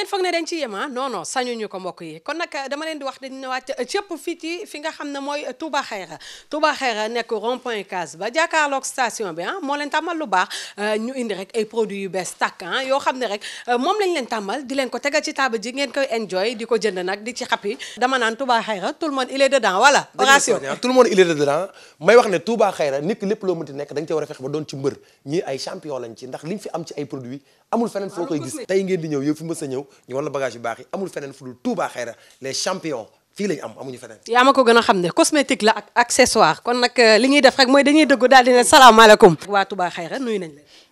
il faut ne dañ ci yem ha ah? non non sañu ñu ko mbokk yi kon nak dama leen di wax dañ ñëwaat cëpp fii ci fi nga xamne moy Touba Xayra Touba Xayra nek rond point case ba jakarlok station bi ha ah? mo leen tamal lu baax euh, ñu indi rek ay produits yu bees tàkk ah yoo xam rek euh, mom lañ leen tamal di leen ko tegal ci table ji ngeen koy enjoy di ko jënd nak di ci xapi dama naan Touba Xayra tout le monde il est dedans voilà ratio tout le monde il est dedans may wax ne Touba Xayra nit lepp lo loo mënti nekk da ci wara fex ba doon ci mbeur ñi ay champion lañ ci ndax liñ fi am ci ay produits amul fenen foo koy gis tay ngeen di ñew yow fi mës a ñu wala bagage bu baax amul fenen fu Touba Xayra les champions fi lañu am amuñu fenen ya ma ko gën a cosmétique la ak accessoire kon nak euh, li ñuy def rek moy dañuy dëggu dal dina salam salaamaaleykum wa Touba Xayra nuyu nañ la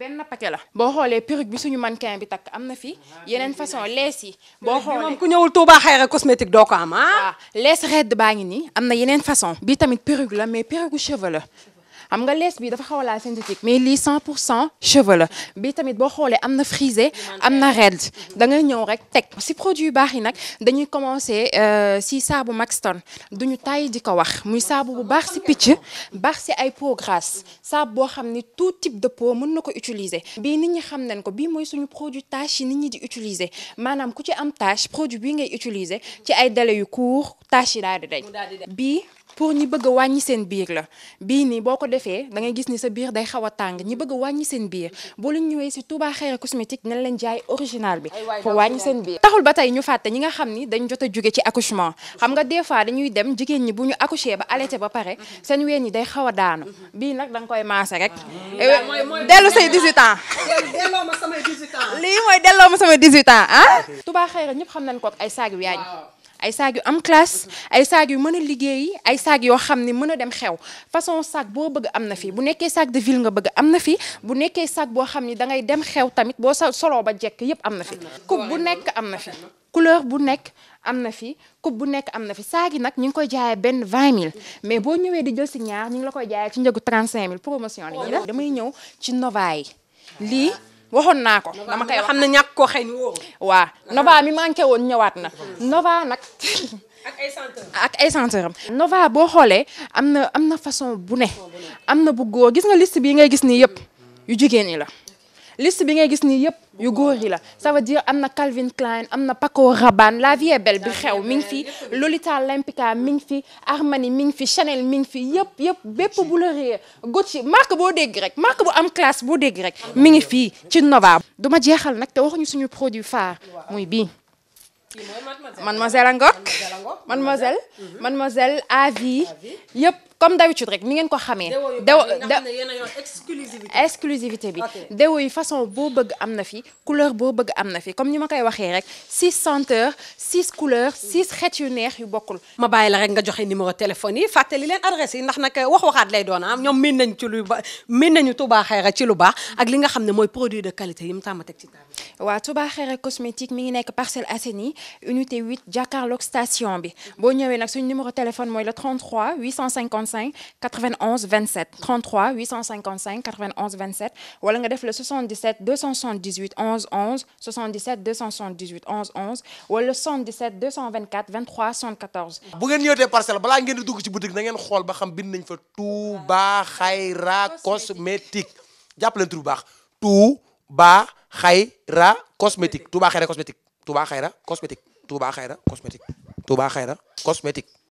benn paquet la boo xoolee perruque bi suñu mannequin bi takk am na fi yeneen façon lees yi boo xoolee moom ku ñëwul Touba Xayra cosmétique doo ko am ah lees redd baa ngi nii am na yeneen façon bi tamit perruque la mais perruque cheveux la xam nga lees bi dafa xaw a laal synthétique mais lii 100 pour cent cheveux la bi tamit boo xoolee am na frisé am na red da ngay ñëw rek teg si produit yu baax yi nag dañuy commencé euh, si saabu Maxton duñu tàyyi di ko wax muy saabu bu baax si picc baax si ay peau grasse saabu boo xam ni tout type de peau mën na ko utiliser bii nit ñi xam nañ ko bii mooy suñu produit tache yi nit ñi di utiliser maanaam ku ci am tache produit bii ngay utiliser ci ay délai yu court tache yi daal di dañ bii pour ñi bëgg wàññi seen biir la bii nii boo ko defee da ngay gis ni sa biir day xaw a tàng ñi bëgg wàññi seen biir boo leen ñëwee si Touba Xeere cosmétique nañ leen jaay original bi pour wàññi seen biir taxul ba tey ñu fàtte ñi nga xam ni dañ jot jóge ci accouchement xam nga des fois dañuy dem jigéen ñi bu ñu accouché ba allaité ba pare seen ween yi day xaw a daanu bii nag da koy maase rek eh, dellu say 18 ans delloo ma samay 18 ans lii mooy delloo ma samay 18 ans ah? ñëpp xam nañ ko ay saag wi ay saag yu am classe ay saag yu mën a ay saag yo xamni ne dem xew façon sac bo bëgg am na fi bu nekké sac de ville nga bëgg am na fi bu nekké sac bo xamni da ngay dem xew tamit bo solo ba jekk yépp am na fi coupe bu nekk am na fi couleur bu nekk am na fi coupe bu nekk am na fi saag yi nag ñu koy jaay ben 20000 mais bo ñëwé di jël ci ñaar ñing la koy jaay ci ñëgu 35000 promotion la ñuy def damay ñëw ci novaay li waxoon naa ko dama koy wax xam ne ñàkk koo xëy ni wóoru waa Nova mi manqué woon ñëwaat na Nova nag ak ay centre ak boo xoolee am na am na façon bu ne am na bu góor gis nga list bii ngay gis nii yëpp yu jigéen ñi la liste bi ngay gis ni yëpp yu góor ça veut dire am Calvin Klein am Paco Rabanne la vie est belle bi xew mi fi Lolita Olympica mi fi Armani mi fi Chanel mi ngi fi yëpp yëpp bépp bu la réer Gucci marque boo dégg rek marque bu am classe boo dégg rek mi ngi fii ci Nova. duma jeexal nag te waxuñu suñu produit phare muy bii. mademoiselle Angok mademoiselle mademoiselle mhm. avi yep comme d'habitude rek ni ngeen ko xamee. déwo exclusivité exclusivité bi. dewo yi façon bo bëgg amna fi couleur bo bëgg amna fi comme ni ma koy waxee rek six senteurs 6 couleurs 6 xeet yu neex yu bokkul. ma bàyyi la rek nga joxe numéro téléphone yi fàttali leen adresse yi ndax nak eh, wax waxat lay doona am ah. ñoom miin nañu ci lu min nañu Touba Xayra ci lu baax ak li nga xam moy produit de qualité yim mu tek ci table. wa Touba Xayra cosmétique mi ngi nek Parcelles Asseni unité 8 jàkkaarloog station bi bo ñëwee nak suñu numéro téléphone moy le 33 855. 91 27 33 855 91 27 wala le 77 278 11 11 77 278 11 11 le 77 224 23 74. bu ngeen parcelle bala boutique ngeen ba Touba Touba Touba Touba Touba cosmétique